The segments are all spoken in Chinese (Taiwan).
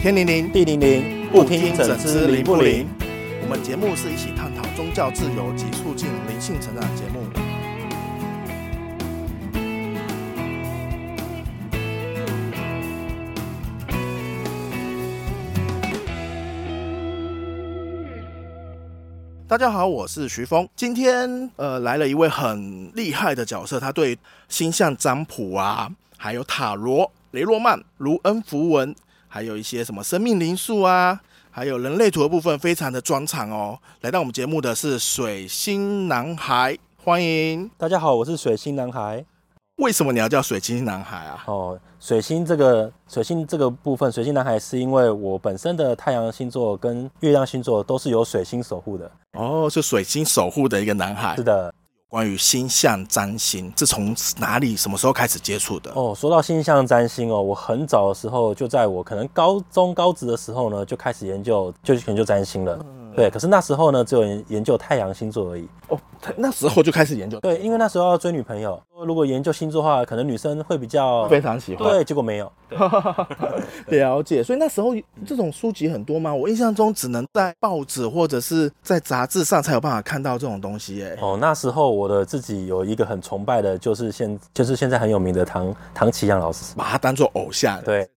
天靈靈，地靈靈，不聽怎知靈不靈？我們節目是一起探討宗教自由及促進靈性成長的節目的。大家好，我是徐峰，今天呃來了一位很厲害的角色，他對星象占卜啊，還有塔羅、雷諾曼、盧恩符文。還有一些什麼生命靈數啊，還有人類圖的部分非常的專長哦，來到我們節目的是水星男孩，歡迎。大家好，我是水星男孩。為什麼你要叫水星男孩啊？哦，水星這個水星這個部分，水星男孩是因為我本身的太陽星座跟月亮星座都是由水星守護的。哦，是水星守護的一個男孩。是的。關於星象占星，是從哪裡、什麼時候開始接觸的？哦，說到星象占星哦，我很早的時候就在我可能高中、高職的時候呢，就開始研究，就研究占星了。嗯對，可是那時候呢，只有研究太陽星座而已。哦，那時候就開始研究了。對，因為那時候要追女朋友，如果研究星座的話，可能女生會比較非常喜歡。對，結果沒有 對 了解。所以那時候這種書籍很多嗎？我印象中只能在報紙或者是在雜誌上才有辦法看到這種東西。哎，哦，那時候我的自己有一個很崇拜的，就是現就是現在很有名的唐唐綺陽老師，把他當做偶像。對，對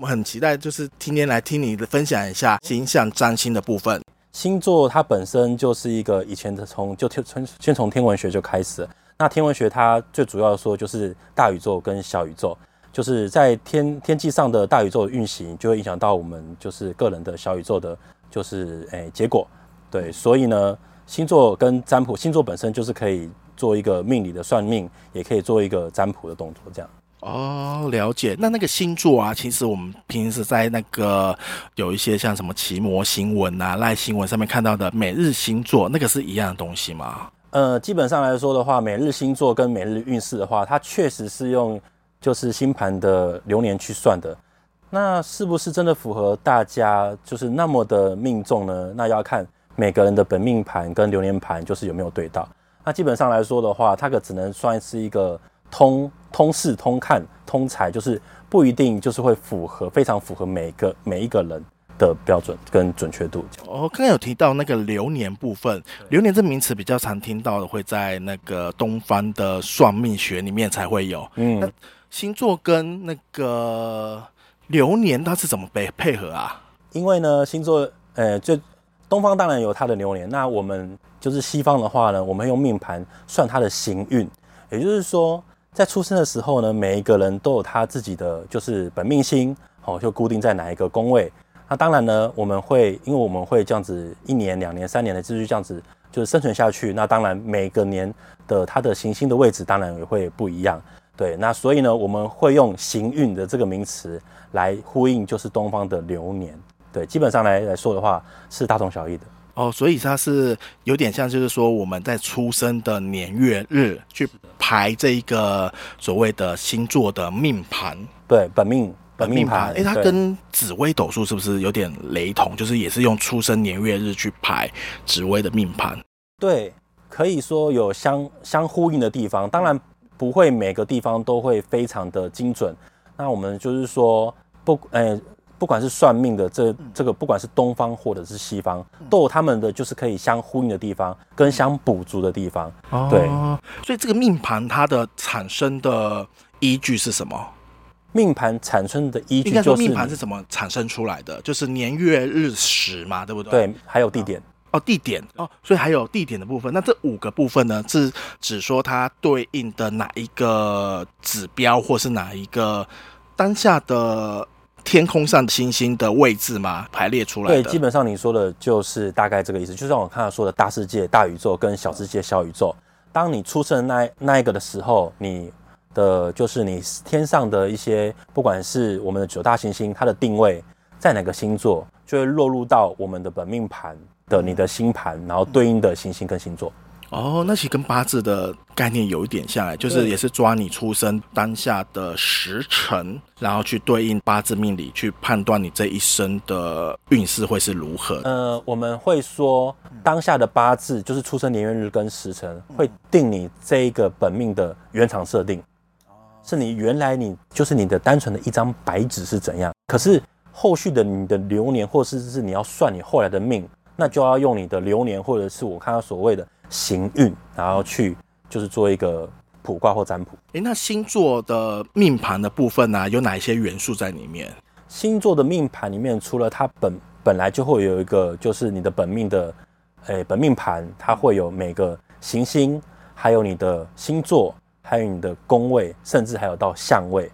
我很期待，就是今天來聽你的分享一下形象占星的部分。星座它本身就是一個以前的，從就天先從天文學就開始，那天文學它最主要的說就是大宇宙跟小宇宙，就是在天天際上的大宇宙運行就會影響到我們就是個人的小宇宙的，就是誒、哎、結果，對，所以呢，星座跟占卜，星座本身就是可以做一個命理的算命，也可以做一個占卜的動作這樣。哦，了解。那那個星座啊，其實我們平時在那個有一些像什麼奇摩新聞啊、賴新聞上面看到的每日星座，那個是一樣的東西嗎？呃，基本上來說的話，每日星座跟每日運勢的話，它確實是用就是星盤的流年去算的。那是不是真的符合大家就是那麼的命中呢？那要看每個人的本命盤跟流年盤就是有沒有對到。那基本上來說的話，它可只能算是一個。通通視、通看、通才，就是不一定就是會符合，非常符合每一個每一個人的標準跟準確度。哦，我剛剛有提到那個流年部分，對流年這名詞比較常聽到的，會在那個東方的算命學裡面才會有。嗯，那星座跟那個流年它是怎麼配配合啊？因為呢，星座，呃，就東方當然有它的流年，那我們就是西方的話呢，我們用命盤算它的行運，也就是說。在出生的時候呢，每一個人都有他自己的就是本命星，好，就固定在哪一個宮位。那當然呢，我們會因為我們會這樣子一年、兩年、三年的繼續這樣子就是生存下去。那當然每個年的它的行星的位置當然也會不一樣。對，那所以呢，我們會用行運的這個名詞來呼應，就是東方的流年。對，基本上來來說的話是大同小異的。哦，oh, 所以它是有點像，就是說我們在出生的年月日去排這一個所謂的星座的命盤，對，本命本命盤。哎、欸，對它跟紫微斗數是不是有點雷同？就是也是用出生年月日去排紫微的命盤？對，可以說有相相呼應的地方，當然不會每個地方都會非常的精準。那我們就是說不，呃不管是算命的這這個，這個、不管是東方或者是西方，都有他們的就是可以相呼應的地方，跟相補足的地方。嗯、對，所以這個命盤它的產生的依據是什麼？命盤產生的依據就是命盤是怎麼產生出來的，就是年月日時嘛，對不對？對，還有地點哦，地點哦，所以還有地點的部分。那這五個部分呢，是指說它對應的哪一個指標，或是哪一個當下的？天空上的星星的位置嗎？排列出來的？對，基本上你說的就是大概這個意思。就像我剛才說的大世界、大宇宙跟小世界、小宇宙。當你出生的那那一個的時候，你的就是你天上的一些，不管是我們的九大行星，它的定位在哪個星座，就會落入到我們的本命盤的你的星盤，然後對應的行星跟星座。哦，那其實跟八字的概念有一點像，來就是也是抓你出生當下的時辰，對然後去對應八字命理去判斷你這一生的運勢會是如何。呃，我們會說，當下的八字就是出生年月日跟時辰，會定你這一個本命的原廠設定。哦，是你原來你就是你的單純的一張白紙是怎樣。可是後續的你的流年，或是是你要算你後來的命，那就要用你的流年，或者是我看到所謂的，行運，然後去就是做一個卜卦或占卜。誒，那星座的命盤的部分呢、啊，有哪一些元素在裡面？星座的命盤裡面，除了它本本來就會有一個，就是你的本命的，誒，本命盤，它會有每個行星，還有你的星座，還有你的宮位，甚至還有到相位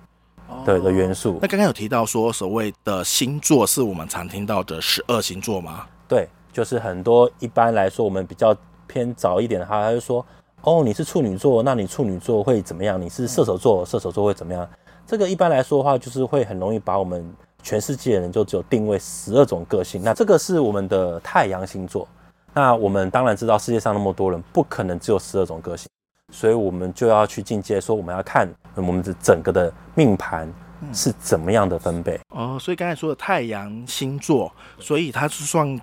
的、哦、的元素。那剛剛有提到說，所謂的星座，是我們常聽到的十二星座嗎？對，就是很多一般來說我們比較。偏早一點的話，他就說：哦，你是處女座，那你處女座會怎麼樣？你是射手座，嗯、射手座會怎麼樣？這個一般來說的話，就是會很容易把我們全世界的人就只有定位十二種個性。那這個是我們的太陽星座。那我們當然知道世界上那麼多人不可能只有十二種個性，所以我們就要去進階，說我們要看我們的整個的命盤是怎麼樣的分貝、嗯。哦，所以剛才說的太陽星座，所以它是算。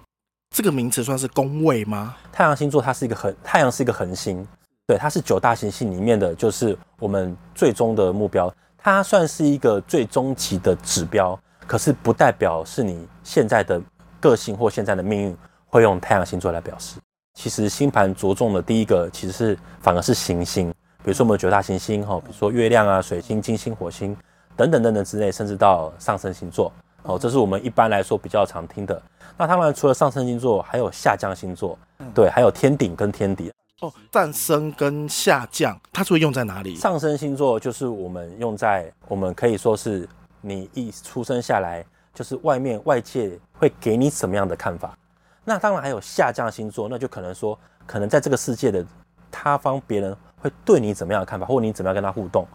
這個名詞，算是宮位嗎？太陽星座它是一個恆太陽是一個恆星，對，它是九大行星裡面的，就是我們最終的目標，它算是一個最終極的指標，可是不代表是你現在的個性或現在的命運會用太陽星座來表示。其實星盤着重的第一個，其實是反而是行星，比如說我們九大行星哈，比如說月亮啊、水星、金星、火星等等等等之類，甚至到上升星座哦，這是我們一般來說比較常聽的。那他們除了上升星座，還有下降星座，嗯、對，還有天頂跟天底哦。上升跟下降，它是會用在哪裡？上升星座就是我們用在我們可以說是你一出生下來，就是外面外界會給你什麼樣的看法。那當然還有下降星座，那就可能說，可能在這個世界的他方別人會對你怎麼樣的看法，或你怎麼樣跟他互動，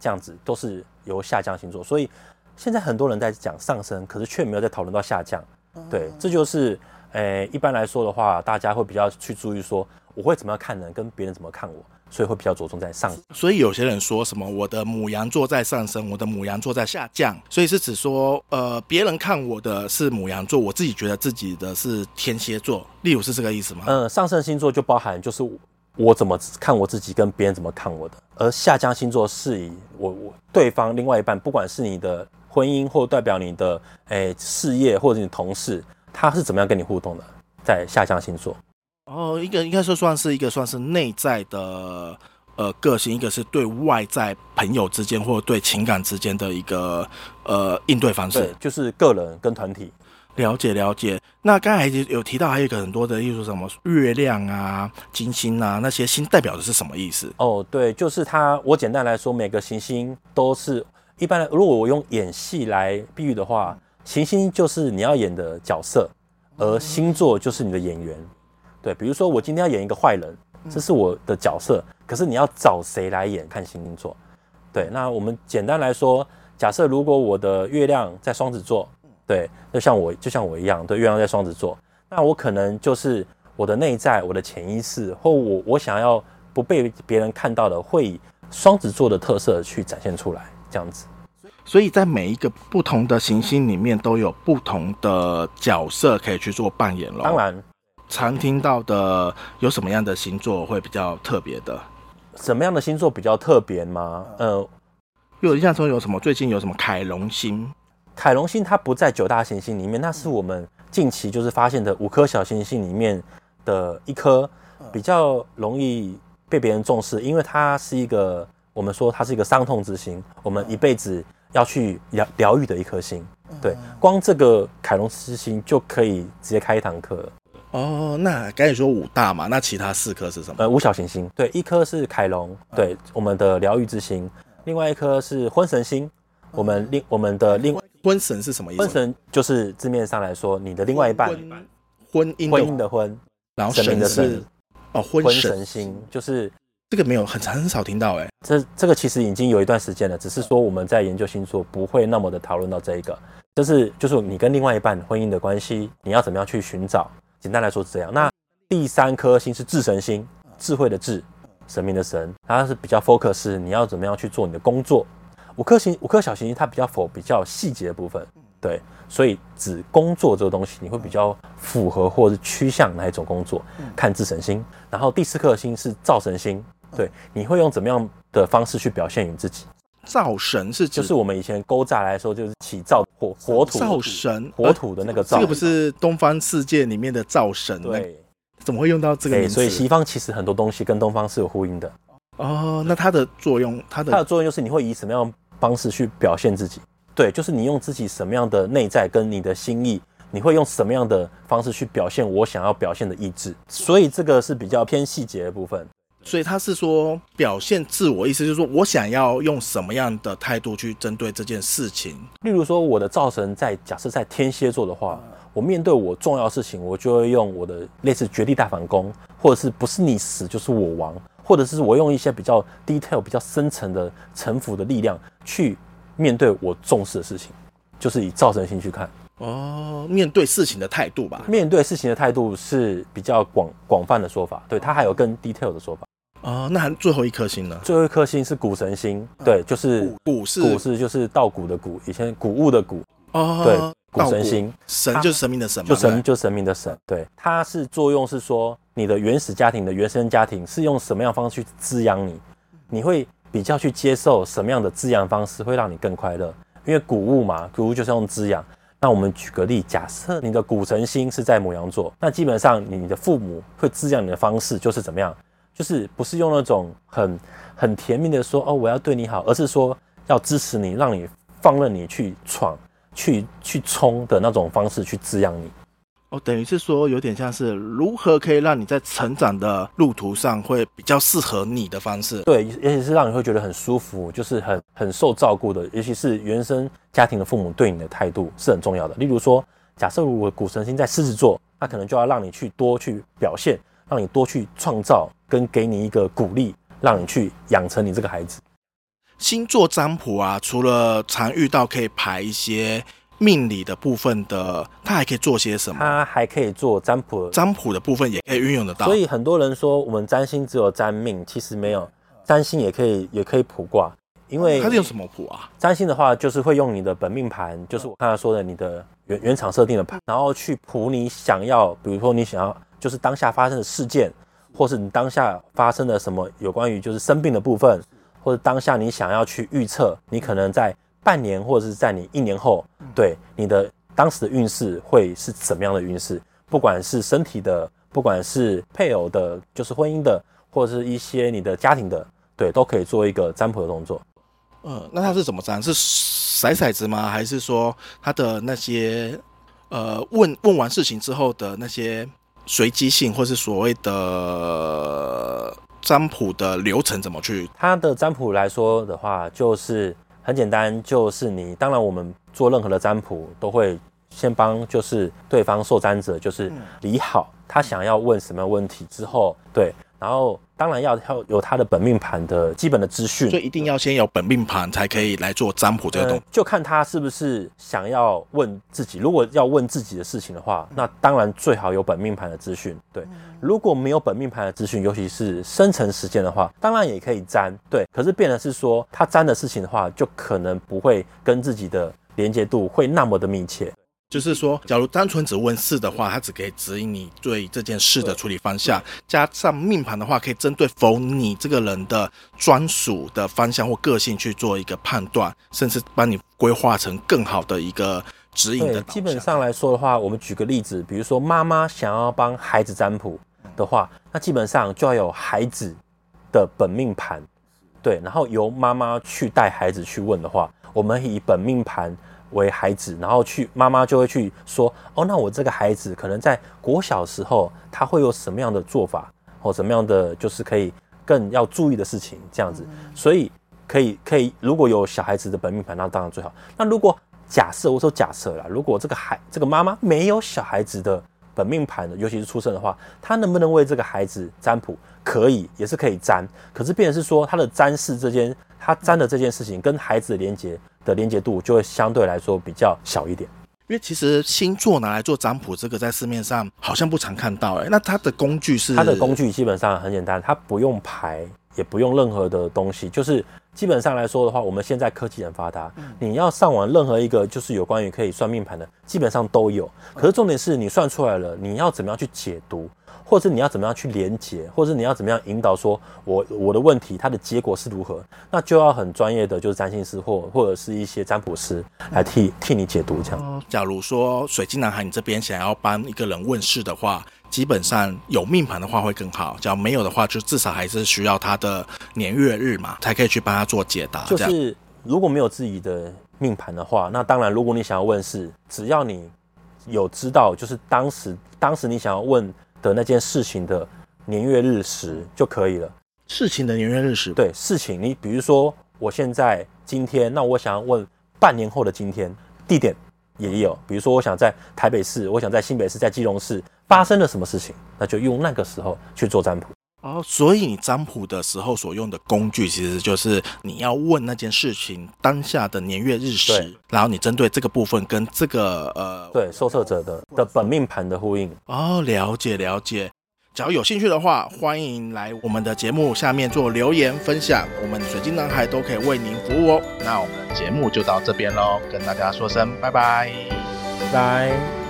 這樣子都是由下降星座。所以現在很多人在講上升，可是卻沒有在討論到下降。對，這就是，誒，一般來說的話，大家會比較去注意說，我會怎麼樣看人，跟別人怎麼看我，所以會比較着重在上升。所以有些人說什麼，我的牡羊座在上升，我的牡羊座在下降，所以是指說，呃，別人看我的是牡羊座，我自己覺得自己的是天蠍座，例如是這個意思嗎？嗯，上升星座就包含就是我，我怎麼看我自己跟別人怎麼看我的，而下降星座是以我，我對方另外一半，不管是你的。婚姻或代表你的誒事業，或者你的同事他是怎麼樣跟你互動的？在下降星座哦，一個應該說算是一個算是內在的呃個性，一個是對外在朋友之間或者對情感之間的一個呃應對方式。對，就是個人跟團體了解了解。那剛才有提到還有一個很多的意思什麼月亮啊、金星啊那些星代表的是什麼意思？哦，對，就是它。我簡單來說，每個行星都是。一般如果我用演戲來比喻的話，行星就是你要演的角色，而星座就是你的演員。對，比如說我今天要演一個壞人，這是我的角色，可是你要找誰來演？看星星座。對，那我們簡單來說，假設如果我的月亮在雙子座，對，就像我就像我一樣，對，月亮在雙子座，那我可能就是我的內在、我的潛意識，或我我想要不被別人看到的，會以雙子座的特色去展現出來，這樣子。所以在每一個不同的行星裡面，都有不同的角色可以去做扮演了。當然，常聽到的有什麼樣的星座會比較特別的，什麼樣的星座比較特別嗎？呃，有印象中有什麼？最近有什麼？凱龍星，凱龍星它不在九大行星裡面，那是我們近期就是發現的五顆小行星，星裡面的一顆，比較容易被別人重視，因為它是一個我們說它是一個傷痛之星，我們一輩子，要去療療癒的一顆星，對，光這個凱龍之星就可以直接開一堂課了。哦，那趕緊說五大嘛，那其他四顆是什麼？呃，五小行星，對，一顆是凱龍，對，嗯、我們的療癒之星；另外一顆是婚神星，嗯、我們另我們的另、嗯、婚神是什麼意思？婚神就是字面上來說，你的另外一半，婚，婚姻，婚姻的婚，然後神、神明的神，哦，婚神，婚神星就是。這個沒有很長，很少聽到誒、欸，這這個其實已經有一段時間了，只是說我們在研究星座不會那麼的討論到這一個，就是就是你跟另外一半婚姻的關係，你要怎麼樣去尋找？簡單來說是這樣。那第三顆星是智神星，智慧的智，神明的神，它是比較 focus，你要怎麼樣去做你的工作？五顆星，五顆小行星它比較否比較細節的部分，對，所以指工作這個東西你會比較符合或者是趨向哪一種工作？看智神星，然後第四顆星是灶神星。對，你會用怎麼樣的方式去表現你自己？灶神是就是我們以前勾扎來說，就是起灶火火土灶神火土的那個灶，是、呃這個、不是東方世界裡面的灶神？對，怎麼會用到這個、欸？所以西方其實很多東西跟東方是有呼應的。哦，那它的作用，它的它的作用就是你會以什麼樣的方式去表現自己？對，就是你用自己什麼樣的內在跟你的心意，你會用什麼樣的方式去表現我想要表現的意志？所以這個是比較偏細節的部分。所以他是說表現自我，意思就是說我想要用什麼樣的態度去針對這件事情。例如說，我的造神，在假設在天蠍座的話，我面對我重要的事情，我就會用我的類似絕地大反攻，或者是不是你死就是我亡，或者是我用一些比較 detail、比較深層的臣服的力量去面對我重視的事情，就是以造神心去看，哦，面對事情的態度吧。面對事情的態度是比較廣廣泛的說法，對，他還有更 detail 的說法。哦，那還最後一顆星呢？最後一顆星是谷神星，啊、對，就是谷是谷是就是稻谷的谷，以前谷物的谷。哦，對，谷神星，神就是神明的神、啊，就神就神明的神。對，它是作用是說你的原始家庭的原生家庭是用什麼樣的方式去滋養你，你會比較去接受什麼樣的滋養方式會讓你更快樂？因為谷物嘛，谷物就是用滋養。那我們舉個例，假設你的谷神星是在牡羊座，那基本上你的父母會滋養你的方式就是怎麼樣？就是不是用那種很很甜蜜的說，哦，我要對你好，而是說要支持你，讓你放任你去闖、去去衝的那種方式去滋養你。哦，等於是說有點像是如何可以讓你在成長的路途上會比較適合你的方式。對，也許是讓你會覺得很舒服，就是很很受照顧的。尤其是原生家庭的父母對你的態度是很重要的。例如說，假設如果穀神星在獅子座，那可能就要讓你去多去表現。讓你多去創造，跟給你一個鼓勵，讓你去養成你這個孩子。星座占卜啊，除了常遇到可以排一些命理的部分的，它還可以做些什麼？它還可以做占卜，占卜的部分也可以運用得到。所以很多人說我們占星只有占命，其實沒有，占星也可以，也可以卜卦，因為它是用什麼卜啊？占星的話就是會用你的本命盤，就是我剛才說的你的原原廠設定的盤，然後去卜你想要，比如說你想要。就是當下發生的事件，或是你當下發生的什麼有關於就是生病的部分，或者當下你想要去預測你可能在半年或者是在你一年後，對你的當時的運勢會是怎麼樣的運勢？不管是身體的，不管是配偶的，就是婚姻的，或者是一些你的家庭的，對，都可以做一個占卜的動作。嗯、呃，那它是怎麼占？是甩骰、骰子嗎？還是說它的那些呃，問問完事情之後的那些？隨機性，或是所謂的占卜的流程怎麼去？他的占卜來說的話，就是很簡單，就是你當然我們做任何的占卜都會先幫，就是對方受占者，就是理好他想要問什麼問題之後，對。然後，當然要要有他的本命盤的基本的資訊，所以一定要先有本命盤才可以來做占卜這個東西。就看他是不是想要問自己，如果要問自己的事情的話，那當然最好有本命盤的資訊。對，嗯、如果沒有本命盤的資訊，尤其是生辰時間的話，當然也可以占，對。可是變成是說，他占的事情的話，就可能不會跟自己的連接度會那麼的密切。就是說，假如單純只問事的話，它只可以指引你對這件事的處理方向。加上命盤的話，可以針對否你這個人的專屬的方向或個性去做一個判斷，甚至幫你規劃成更好的一個指引的。對，基本上來說的話，我們舉個例子，比如說媽媽想要幫孩子占卜的話，那基本上就要有孩子的本命盤，對，然後由媽媽去帶孩子去問的話，我們以本命盤。為孩子，然後去媽媽就會去說，哦，那我這個孩子可能在國小時候，他會有什麼樣的做法，或、哦、什麼樣的就是可以更要注意的事情，這樣子，所以可以可以，如果有小孩子的本命盤，那當然最好。那如果假設我說假設啦，如果這個孩這個媽媽沒有小孩子的。本命盤的，尤其是出生的話，他能不能為這個孩子占卜？可以，也是可以占。可是，變成是說他的占事這件，他占的這件事情跟孩子連接的連接度，就會相對來說比較小一點。因為其實星座拿來做占卜，這個在市面上好像不常看到、欸。誒，那它的工具是？它的工具基本上很簡單，它不用牌，也不用任何的東西，就是。基本上來說的話，我們現在科技很發達，嗯、你要上網任何一個就是有關於可以算命盤的，基本上都有。可是重點是你算出來了，你要怎麼樣去解讀，或者是你要怎麼樣去連結，或者是你要怎麼樣引導，說我我的問題它的結果是如何，那就要很專業的，就是占星師或或者是一些占卜師來替替你解讀這樣。假如說水星男孩，你這邊想要幫一個人問事的話。基本上有命盤的話會更好，只要沒有的話，就至少還是需要他的年月日嘛，才可以去幫他做解答。就是如果沒有自己的命盤的話，那當然，如果你想要問事，只要你有知道，就是當時當時你想要問的那件事情的年月日時就可以了。事情的年月日時，對事情，你比如說我現在今天，那我想要問半年後的今天，地點也有，比如說我想在台北市，我想在新北市，在基隆市，發生了什麼事情，那就用那個時候去做占卜哦。所以你占卜的時候所用的工具，其實就是你要問那件事情當下的年月日時，對然後你針對這個部分跟這個呃對受測者的問的本命盤的呼應哦。了解了解，只要有興趣的話，歡迎來我們的節目下面做留言分享，我們水星男孩都可以為您服務哦。那我們的節目就到這邊嘍，跟大家說聲拜拜，拜。